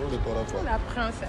Trop de corps à corps. La princesse.